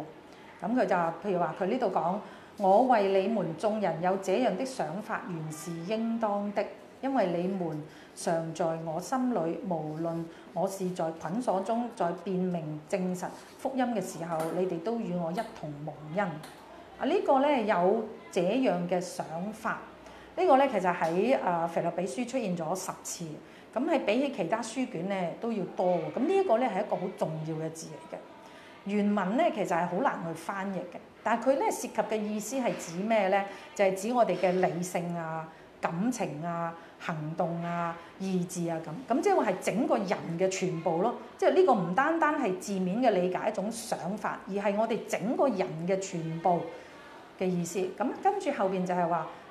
咁、嗯、佢就譬如話佢呢度講，我為你們眾人有這樣的想法原是應當的，因為你們常在我心裏，無論我是在捆鎖中，在辨明證實福音嘅時候，你哋都與我一同蒙恩。啊、這個、呢個咧有這樣嘅想法。呢個咧其實喺啊《腓立比書》出現咗十次，咁係比起其他書卷咧都要多喎。咁呢一個咧係一個好重要嘅字嚟嘅。原文咧其實係好難去翻譯嘅，但係佢咧涉及嘅意思係指咩咧？就係指我哋嘅理性啊、感情啊、行動啊、意志啊咁。咁即係話係整個人嘅全部咯。即係呢個唔單單係字面嘅理解一種想法，而係我哋整個人嘅全部嘅意思。咁跟住後邊就係話。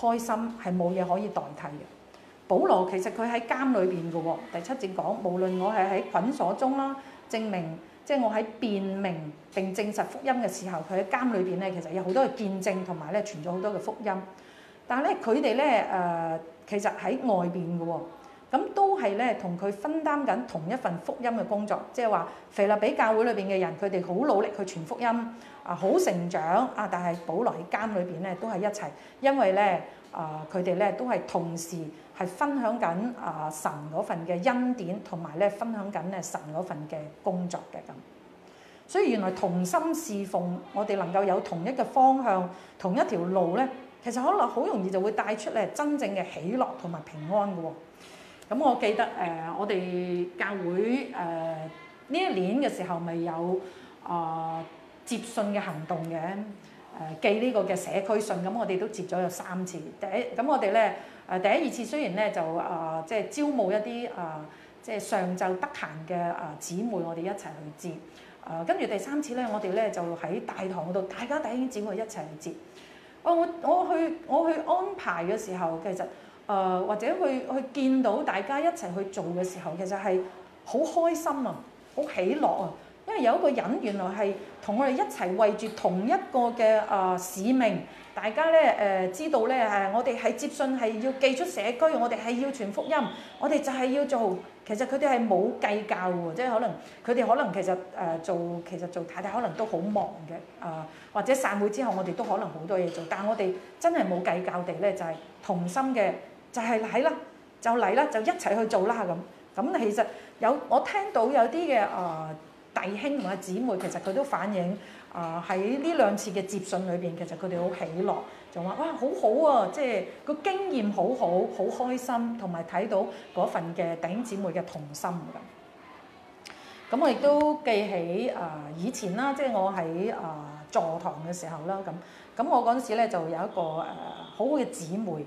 開心係冇嘢可以代替嘅。保羅其實佢喺監裏邊嘅喎，第七節講無論我係喺捆鎖中啦，證明即係、就是、我喺辨明並證實福音嘅時候，佢喺監裏邊咧其實有好多嘅見證同埋咧傳咗好多嘅福音。但係咧佢哋咧誒其實喺外邊嘅喎，咁、嗯、都係咧同佢分擔緊同一份福音嘅工作，即係話腓立比教會裏邊嘅人，佢哋好努力去傳福音。啊！好成長啊！但係保羅喺監裏邊咧都係一齊，因為咧啊，佢哋咧都係同時係分享緊啊、呃、神嗰份嘅恩典，同埋咧分享緊咧神嗰份嘅工作嘅咁。所以原來同心侍奉，我哋能夠有同一個方向、同一條路咧，其實可能好容易就會帶出咧真正嘅喜樂同埋平安嘅喎、哦。咁我記得誒、呃，我哋教會誒呢、呃、一年嘅時候咪有啊～、呃接信嘅行動嘅，誒、呃、寄呢個嘅社區信，咁我哋都接咗有三次。第一咁我哋咧誒第一二次雖然咧就誒即係招募一啲誒即係上晝得閒嘅誒姊妹，我哋一齊去接。誒跟住第三次咧，我哋咧就喺大堂度，大家弟兄姊妹一齊去接。哇！我我去我去安排嘅時候，其實誒、呃、或者去去見到大家一齊去做嘅時候，其實係好開心啊，好喜樂啊！因為有一個人原來係同我哋一齊為住同一個嘅啊、呃、使命，大家咧誒、呃、知道咧誒，我哋係接信係要寄出社區，我哋係要傳福音，我哋就係要做。其實佢哋係冇計較喎，即係可能佢哋可能其實誒、呃、做其實做太太可能都好忙嘅啊、呃，或者散會之後我哋都可能好多嘢做，但係我哋真係冇計較地咧，就係、是、同心嘅，就係、是、嚟啦，就嚟啦，就一齊去做啦咁。咁其實有我聽到有啲嘅啊。呃呃弟兄同埋姊妹，其實佢都反映啊，喺呢兩次嘅接訊裏邊，其實佢哋好喜樂，就話哇好好啊！即係個經驗好好，好開心，同埋睇到嗰份嘅弟兄姊妹嘅童心㗎。咁我亦都記起啊、呃、以前啦，即係我喺啊、呃、座堂嘅時候啦，咁咁我嗰陣時咧就有一個誒、呃、好好嘅姊妹，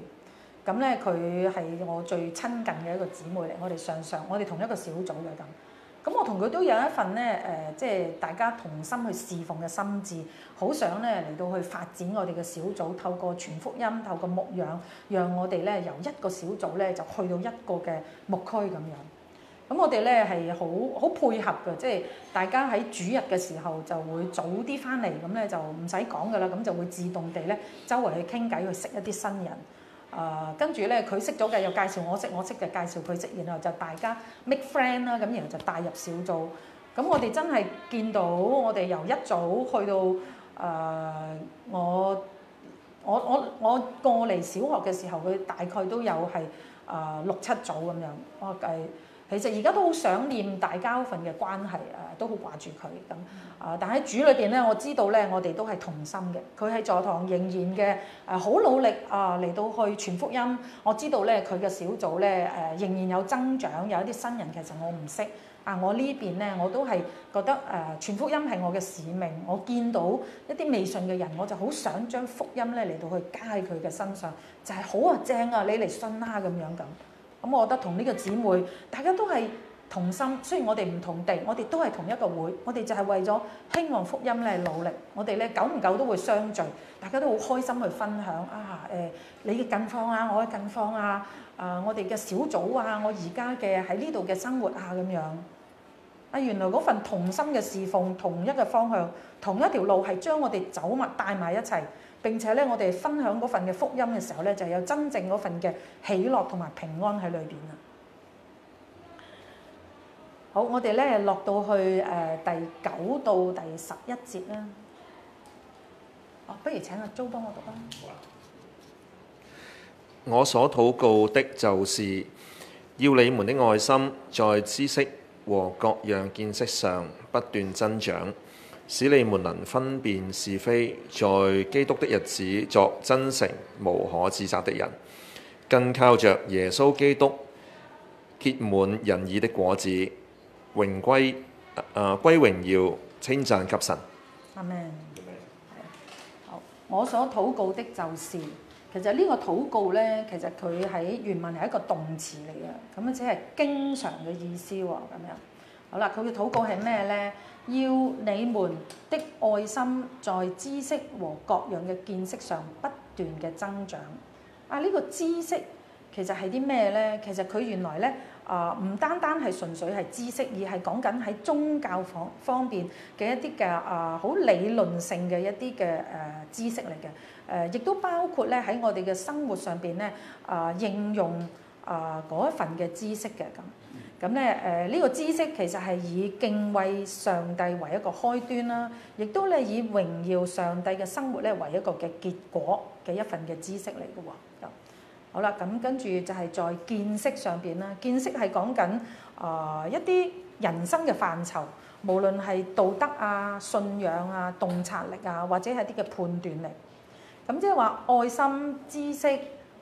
咁咧佢係我最親近嘅一個姊妹嚟，我哋上上，我哋同一個小組嘅咁。咁我同佢都有一份咧，誒、呃，即係大家同心去侍奉嘅心志，好想咧嚟到去發展我哋嘅小組，透過傳福音、透過牧養，讓我哋咧由一個小組咧就去到一個嘅牧區咁樣。咁我哋咧係好好配合嘅，即係大家喺主日嘅時候就會早啲翻嚟咁咧，就唔使講噶啦，咁就會自動地咧周圍去傾偈，去識一啲新人。誒，跟住咧，佢識咗嘅又介紹我識，我識嘅介紹佢識，然後就大家 make friend 啦、啊，咁然後就帶入小組。咁、啊、我哋真係見到我哋由一組去到誒、呃，我我我我過嚟小學嘅時候，佢大概都有係誒、呃、六七組咁樣，我計。其實而家都好想念大家份嘅關係，誒都好掛住佢咁，啊！但喺主裏邊咧，我知道咧，我哋都係同心嘅。佢喺座堂仍然嘅誒，好、呃、努力啊嚟、呃、到去傳福音。我知道咧，佢嘅小組咧誒、呃、仍然有增長，有一啲新人。其實我唔識啊，我邊呢邊咧我都係覺得誒傳、呃、福音係我嘅使命。我見到一啲未信嘅人，我就好想將福音咧嚟到去加喺佢嘅身上，就係、是、好啊，正啊，你嚟信啦、啊、咁樣咁。咁我覺得同呢個姊妹，大家都係同心。雖然我哋唔同地，我哋都係同一個會，我哋就係為咗興旺福音咧努力。我哋咧久唔久都會相聚，大家都好開心去分享啊！誒、呃，你嘅近況啊，我嘅近況啊，啊、呃，我哋嘅小組啊，我而家嘅喺呢度嘅生活啊咁樣。啊，原來嗰份同心嘅侍奉，同一個方向，同一條路將，係將我哋走物帶埋一齊。並且咧，我哋分享嗰份嘅福音嘅時候咧，就有真正嗰份嘅喜樂同埋平安喺裏邊啦。好，我哋咧落到去誒、呃、第九到第十一節啦。不如請阿、啊、Jo 幫我讀啊。我所禱告的就是，要你們的愛心在知識和各樣見識上不斷增長使你們能分辨是非，在基督的日子作真誠、無可指責的人，更靠著耶穌基督結滿仁義的果子，榮歸誒，歸榮耀，稱讚給神。阿門 Amen。好，我所禱告的就是，其實呢個禱告呢，其實佢喺原文係一個動詞嚟嘅，咁樣即係經常嘅意思喎。咁樣好啦，佢嘅禱告係咩呢？要你們的愛心在知識和各樣嘅見識上不斷嘅增長。啊，呢、呢個知識其實係啲咩呢？其實佢原來咧啊，唔、呃、單單係純粹係知識，而係講緊喺宗教方方面嘅一啲嘅啊好理論性嘅一啲嘅誒知識嚟嘅。誒、啊，亦都包括咧喺我哋嘅生活上面咧啊應用啊嗰一份嘅知識嘅咁。咁咧，誒呢個知識其實係以敬畏上帝為一個開端啦，亦都咧以榮耀上帝嘅生活咧為一個嘅結果嘅一份嘅知識嚟嘅喎。好啦，咁跟住就係在見識上邊啦，見識係講緊啊一啲人生嘅範疇，無論係道德啊、信仰啊、洞察力啊，或者係啲嘅判斷力。咁、嗯、即係話愛心、知識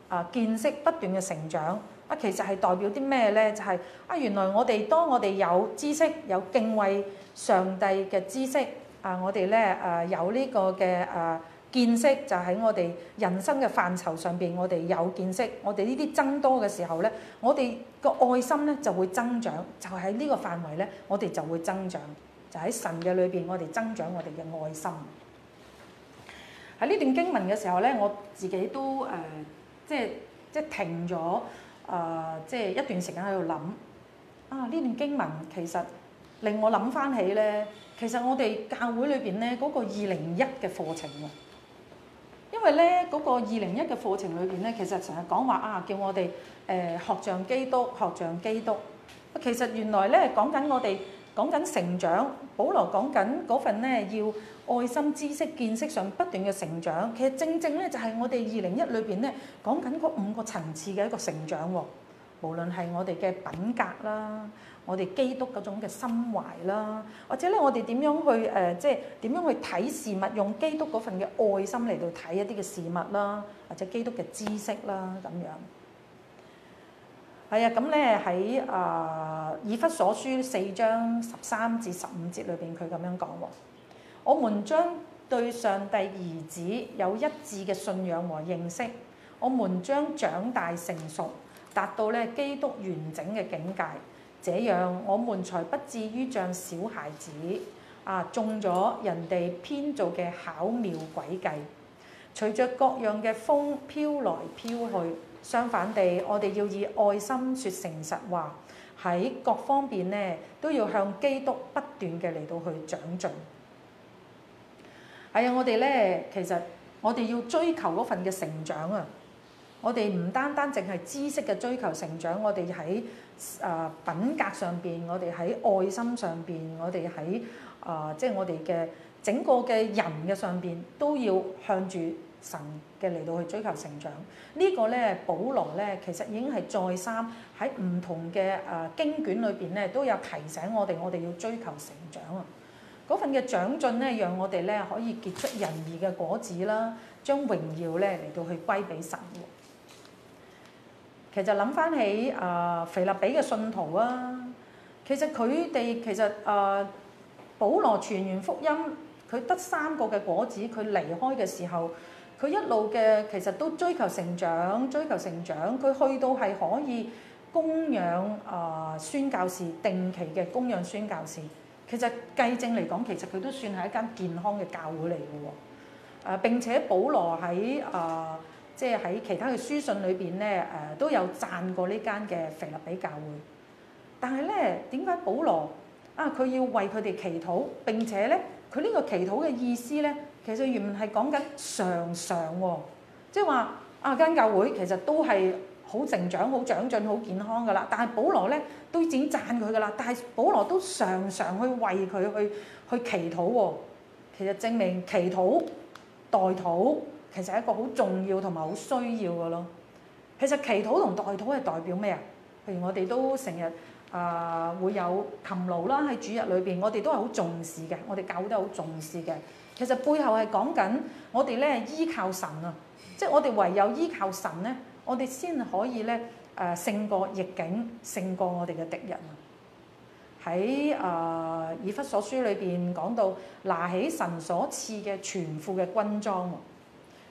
啊、呃、見識不斷嘅成長。啊，其實係代表啲咩咧？就係啊，原來我哋當我哋有知識、有敬畏上帝嘅知識啊，我哋咧誒有呢個嘅誒見識，就喺、是、我哋人生嘅範疇上邊，我哋有見識，我哋呢啲增多嘅時候咧，我哋個愛心咧就會增長，就喺、是、呢個範圍咧，我哋就會增長，就喺、是、神嘅裏邊，我哋增長我哋嘅愛心。喺呢段經文嘅時候咧，我自己都誒、呃、即係即係停咗。啊、呃，即係一段時間喺度諗啊，呢段經文其實令我諗翻起咧，其實我哋教會裏邊咧嗰個二零一嘅課程嘅，因為咧嗰、那個二零一嘅課程裏邊咧，其實成日講話啊，叫我哋誒、呃、學像基督，學像基督。其實原來咧講緊我哋。講緊成長，保羅講緊嗰份咧要愛心、知識、見識上不斷嘅成長。其實正正咧就係我哋二零一裏邊咧講緊嗰五個層次嘅一個成長喎。無論係我哋嘅品格啦，我哋基督嗰種嘅心懷啦，或者咧我哋點樣去誒，即係點樣去睇事物，用基督嗰份嘅愛心嚟到睇一啲嘅事物啦，或者基督嘅知識啦咁樣。係啊，咁咧喺啊以弗所書四章十三至十五節裏邊，佢咁樣講，我們將對上帝兒子有一致嘅信仰和認識，我們將長大成熟，達到咧基督完整嘅境界，這樣我們才不至於像小孩子啊，中咗人哋編造嘅巧妙詭計，隨着各樣嘅風飄來飄去。相反地，我哋要以愛心説誠實話，喺各方面咧都要向基督不斷嘅嚟到去長進。哎呀，我哋咧其實我哋要追求嗰份嘅成長啊！我哋唔單單淨係知識嘅追求成長，我哋喺啊品格上邊，我哋喺愛心上邊，我哋喺啊即係我哋嘅整個嘅人嘅上邊都要向住。神嘅嚟到去追求成長，呢個咧，保羅咧，其實已經係再三喺唔同嘅誒經卷裏邊咧，都有提醒我哋，我哋要追求成長啊！嗰份嘅長進咧，讓我哋咧可以結出仁義嘅果子啦，將榮耀咧嚟到去歸俾神。其實諗翻起誒腓立比嘅信徒啊，其實佢哋其實誒保羅傳完福音，佢得三個嘅果子，佢離開嘅時候。佢一路嘅其實都追求成長，追求成長。佢去到係可以供養啊、呃、宣教士，定期嘅供養宣教士。其實計正嚟講，其實佢都算係一間健康嘅教會嚟嘅喎。誒、啊、並且保羅喺誒即係喺其他嘅書信裏邊咧誒都有讚過呢間嘅腓立比教會。但係咧點解保羅？啊！佢要為佢哋祈禱，並且呢，佢呢個祈禱嘅意思呢，其實原文係講緊常常喎、哦，即係話啊，間教會其實都係好成長、好長進、好健康㗎啦。但係保羅呢，都已經讚佢㗎啦。但係保羅都常常去為佢去去祈禱喎、哦。其實證明祈禱代禱其實係一個好重要同埋好需要㗎咯。其實祈禱同代禱係代表咩啊？譬如我哋都成日。啊、呃，會有琴勞啦，喺主日裏邊，我哋都係好重視嘅，我哋教會都好重視嘅。其實背後係講緊我哋咧依靠神啊，即係我哋唯有依靠神咧，我哋先可以咧誒、呃、勝過逆境，勝過我哋嘅敵人啊！喺誒、呃、以弗所書裏邊講到，拿起神所賜嘅全副嘅軍裝。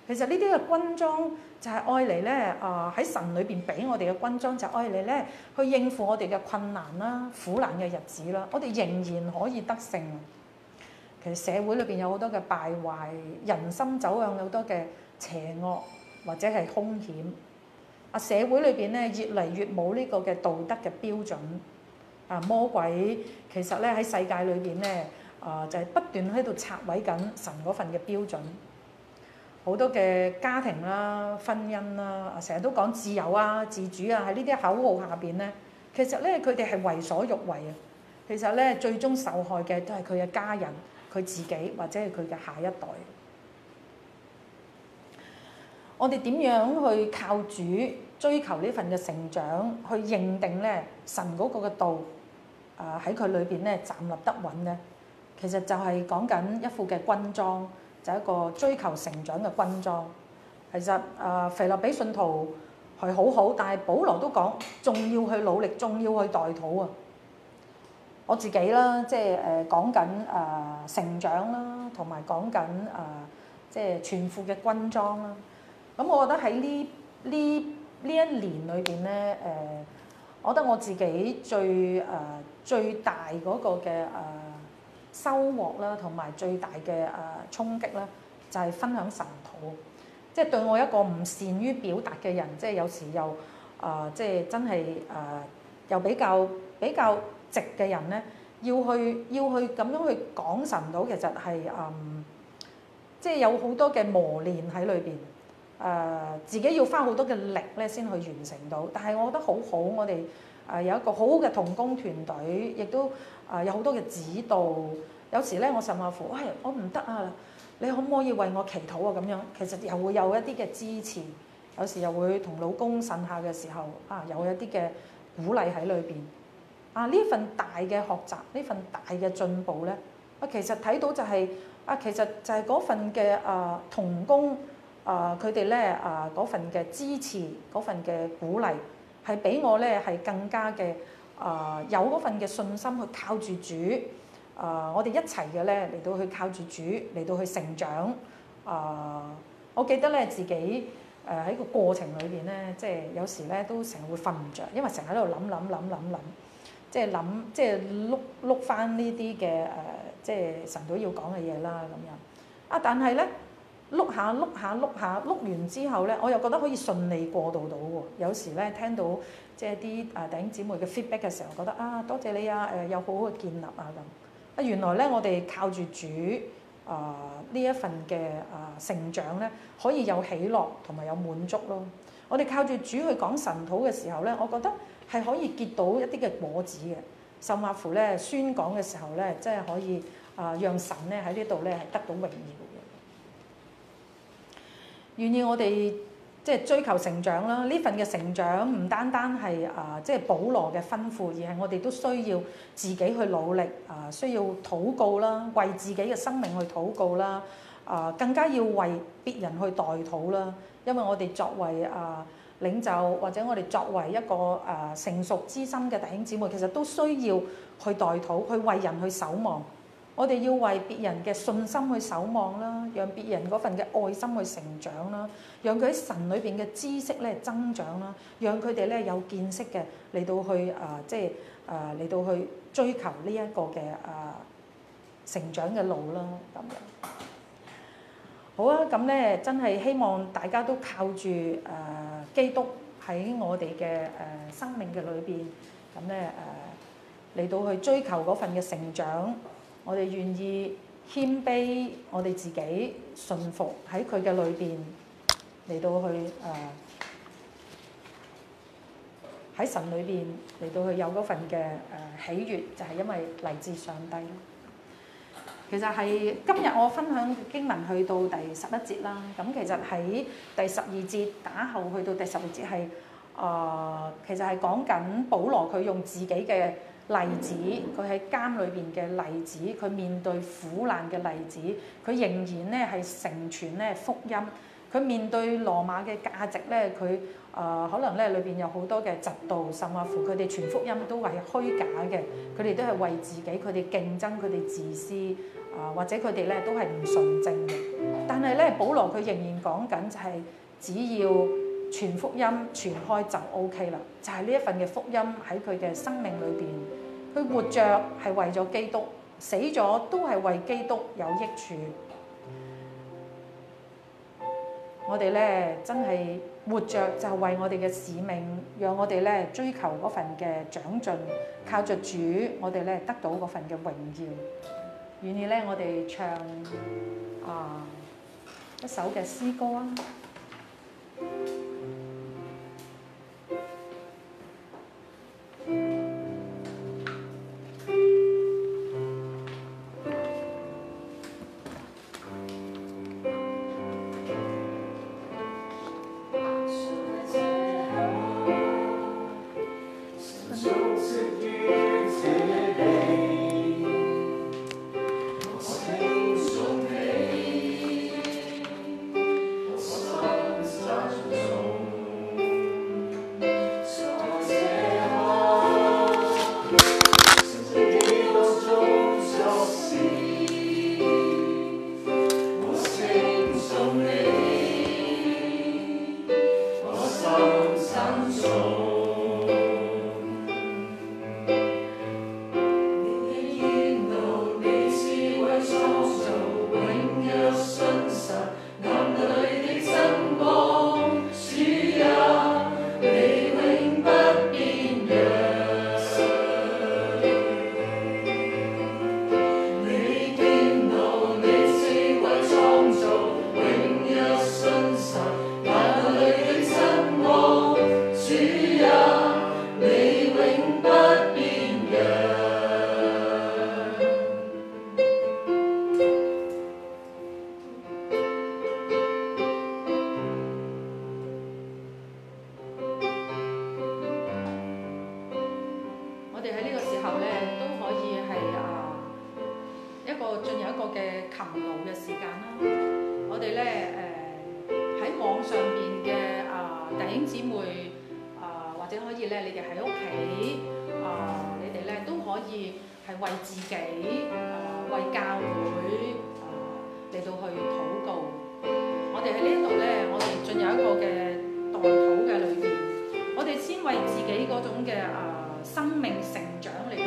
其實呢啲嘅軍裝就係愛嚟咧，啊喺神裏邊俾我哋嘅軍裝就愛嚟咧，去應付我哋嘅困難啦、苦難嘅日子啦，我哋仍然可以得勝。其實社會裏邊有好多嘅敗壞，人心走向好多嘅邪惡或者係凶險。啊，社會裏邊咧越嚟越冇呢個嘅道德嘅標準。啊，魔鬼其實咧喺世界裏邊咧，啊就係不斷喺度拆毀緊神嗰份嘅標準。好多嘅家庭啦、啊、婚姻啦、啊，成日都講自由啊、自主啊，喺呢啲口號下邊咧，其實咧佢哋係為所欲為啊！其實咧最終受害嘅都係佢嘅家人、佢自己或者係佢嘅下一代。我哋點樣去靠主追求呢份嘅成長，去認定咧神嗰個嘅道啊，喺佢裏邊咧站立得穩咧，其實就係講緊一副嘅軍裝。就一個追求成長嘅軍裝，其實誒腓立比信徒係好好，但係保羅都講，仲要去努力，仲要去代禱啊！我自己啦，即係誒講緊誒成長啦，同埋講緊誒即係全副嘅軍裝啦。咁我覺得喺呢呢呢一年裏邊咧，誒，我覺得我自己最誒最大嗰個嘅誒，收穫啦，同埋最大嘅誒衝擊咧，就係、是、分享神道。即係對我一個唔善於表達嘅人，即係有時又誒、呃，即係真係誒、呃，又比較比較直嘅人咧，要去要去咁樣去講神道，其實係嗯，即係有好多嘅磨練喺裏邊，誒、呃，自己要花好多嘅力咧，先去完成到。但係我覺得好好，我哋。誒、啊、有一個好好嘅同工團隊，亦都誒、啊、有好多嘅指導。有時咧，我甚至乎，我我唔得啊，你可唔可以為我祈禱啊？咁樣其實又會有一啲嘅支持。有時又會同老公呻下嘅時候，啊，有一啲嘅鼓勵喺裏邊。啊，呢一份大嘅學習，呢份大嘅進步咧，啊，其實睇到就係、是、啊，其實就係嗰份嘅誒、啊、同工誒佢哋咧誒嗰份嘅支持，嗰份嘅鼓勵。係俾我咧係更加嘅啊有嗰份嘅信心去靠住主啊！我哋一齊嘅咧嚟到去靠住主嚟到去成長啊！我記得咧自己誒喺個過程裏邊咧，即係有時咧都成日會瞓唔著，因為成日喺度諗諗諗諗諗，即係諗即係碌碌翻呢啲嘅誒，即係神到要講嘅嘢啦咁樣啊！但係咧。碌下碌下碌下碌完之後咧，我又覺得可以順利過渡到喎。有時咧聽到即係啲啊弟兄姐妹嘅 feedback 嘅時候，覺得啊多謝你啊誒，有、呃、好好嘅建立啊咁啊。原來咧我哋靠住主啊呢、呃、一份嘅啊、呃、成長咧，可以有喜樂同埋有滿足咯。我哋靠住主去講神土嘅時候咧，我覺得係可以結到一啲嘅果子嘅。甚或乎咧宣講嘅時候咧，即係可以啊讓神咧喺呢度咧係得到榮耀。願意我哋即係追求成長啦，呢份嘅成長唔單單係啊，即、呃、係、就是、保羅嘅吩咐，而係我哋都需要自己去努力啊、呃，需要禱告啦，為自己嘅生命去禱告啦，啊、呃，更加要為別人去代禱啦，因為我哋作為啊、呃、領袖，或者我哋作為一個啊、呃、成熟資深嘅弟兄姊妹，其實都需要去代禱，去為人去守望。我哋要為別人嘅信心去守望啦，讓別人嗰份嘅愛心去成長啦，讓佢喺神裏邊嘅知識咧增長啦，讓佢哋咧有見識嘅嚟到去啊、呃，即係啊嚟到去追求呢一個嘅啊、呃、成長嘅路啦。咁樣好啊！咁咧真係希望大家都靠住誒、呃、基督喺我哋嘅誒生命嘅裏邊咁咧誒嚟到去追求嗰份嘅成長。我哋願意謙卑，我哋自己信服喺佢嘅裏邊嚟到去誒、呃、喺神裏邊嚟到去有嗰份嘅誒喜悅，就係因為嚟自上帝咯。其實係今日我分享經文去到第十一節啦，咁其實喺第十二節打後去到第十二節係誒，其實係講緊保羅佢用自己嘅例子，佢喺監裏邊嘅例子，佢面對苦難嘅例子，佢仍然咧係成全咧福音。佢面對羅馬嘅價值咧，佢啊、呃、可能咧裏邊有好多嘅嫉妒，甚或乎佢哋傳福音都係虛假嘅，佢哋都係為自己，佢哋競爭佢哋自私啊、呃，或者佢哋咧都係唔純正嘅。但係咧，保羅佢仍然講緊就係只要傳福音傳開就 OK 啦，就係呢一份嘅福音喺佢嘅生命裏邊。佢活着係為咗基督，死咗都係為基督有益處。我哋咧真係活着就係為我哋嘅使命，讓我哋咧追求嗰份嘅長進，靠著主，我哋咧得到嗰份嘅榮耀。願意咧，我哋唱啊一首嘅詩歌啊！為自己嗰種嘅誒、呃、生命成長嚟。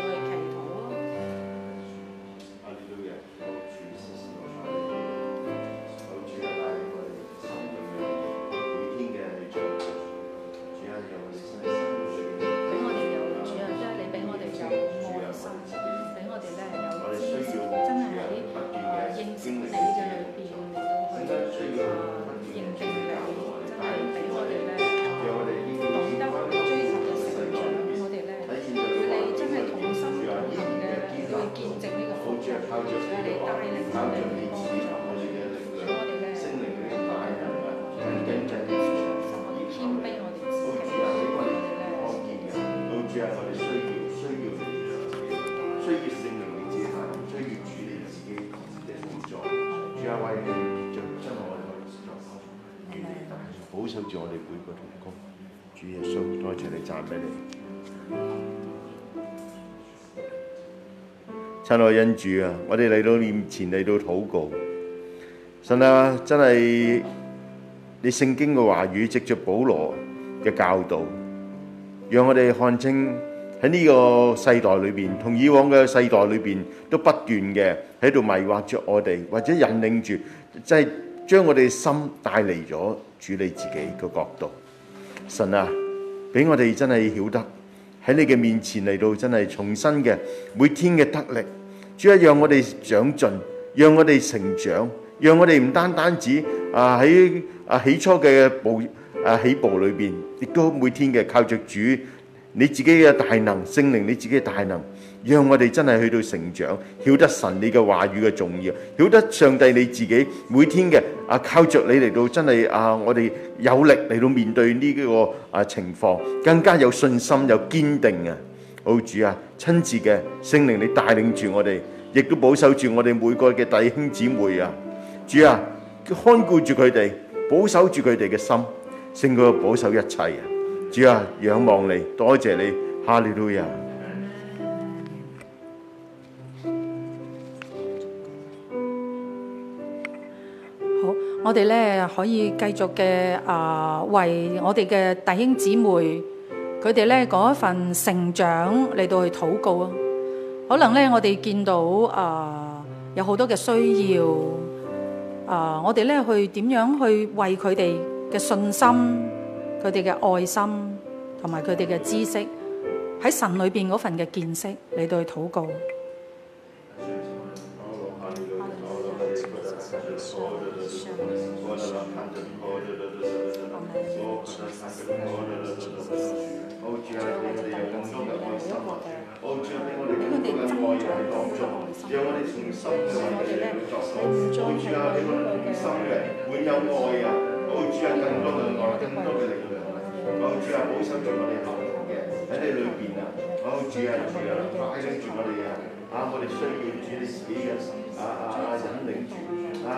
神啊，恩主啊，我哋嚟到面前嚟到禱告，神啊真係你聖經嘅話語，藉着保羅嘅教導，讓我哋看清喺呢個世代裏邊，同以往嘅世代裏邊都不斷嘅喺度迷惑着我哋，或者引領住，即係將我哋心帶嚟咗處理自己嘅角度。神啊，俾我哋真係曉得喺你嘅面前嚟到真係重新嘅每天嘅得力。主，要讓我哋長進，讓我哋成長，讓我哋唔單單只啊喺啊起初嘅步啊起步裏邊，亦都每天嘅靠着主，你自己嘅大能，聖靈你自己嘅大能，讓我哋真係去到成長，曉得神你嘅話語嘅重要，曉得上帝你自己每天嘅啊靠着你嚟到真係啊我哋有力嚟到面對呢個啊情況，更加有信心又堅定啊！好主啊，親自嘅聖靈你帶領住我哋，亦都保守住我哋每個嘅弟兄姊妹啊！主啊，看顧住佢哋，保守住佢哋嘅心，勝過保守一切啊！主啊，仰望你，多謝你，哈利路亞！好，我哋咧可以繼續嘅啊，為我哋嘅弟兄姊妹。佢哋呢嗰一份成長嚟到去禱告啊，可能呢我哋見到啊有好多嘅需要啊，我哋呢去點樣去為佢哋嘅信心、佢哋嘅愛心同埋佢哋嘅知識喺神裏邊嗰份嘅見識嚟到去禱告。我哋嚟到作到，會主啊呢個滿心嘅，會有愛啊。我會主啊更多嘅愛，更多嘅力量，我會主啊保守住我哋後人嘅喺你裏邊啊，我會主啊主啊帶領住我哋啊，啊我哋需要主你自己嘅啊啊。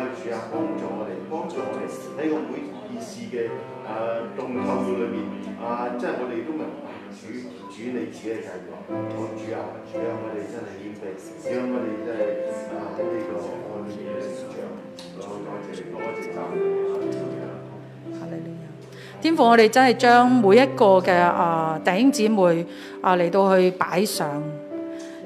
幫助我哋，幫助我哋喺個每件事嘅誒動作裏面啊！即係我哋都唔係主主自己嘅計劃，我哋真係我哋真係啊呢個愛裏面成長，再再謝謝各位教會天父，我哋真係將每一個嘅誒、呃、弟兄姊妹啊嚟、呃、到去擺上。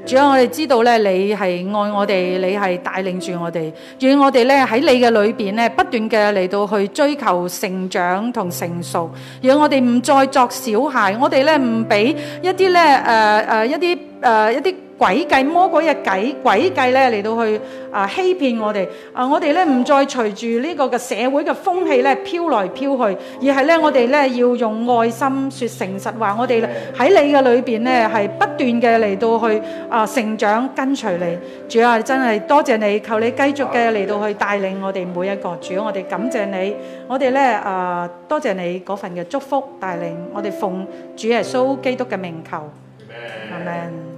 主，要我哋知道咧，你係愛我哋，你係帶領住我哋，要我哋咧喺你嘅裏邊咧不斷嘅嚟到去追求成長同成熟，如果我哋唔再作小孩，我哋咧唔俾一啲咧誒誒一啲誒、呃、一啲。詭計、魔鬼嘅計詭計咧，嚟到去啊欺騙我哋啊！我哋咧唔再隨住呢個嘅社會嘅風氣咧飄來飄去，而係咧我哋咧要用愛心說誠實話。我哋喺你嘅裏邊咧係不斷嘅嚟到去啊成長跟隨你，主啊真係多謝你，求你繼續嘅嚟到去帶領我哋每一個主啊，我哋感謝你，我哋咧啊多謝你嗰份嘅祝福，帶領我哋奉主耶穌基督嘅名求。阿門。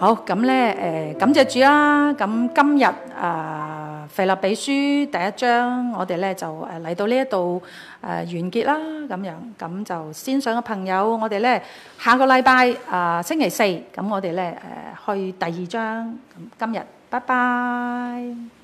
好，咁咧誒，感謝主啦！咁今日啊，腓立比書第一章，我哋咧就誒嚟到呢一度誒，完結啦咁樣。咁就線上嘅朋友，我哋咧下個禮拜啊星期四，咁我哋咧誒開第二章。今日拜拜。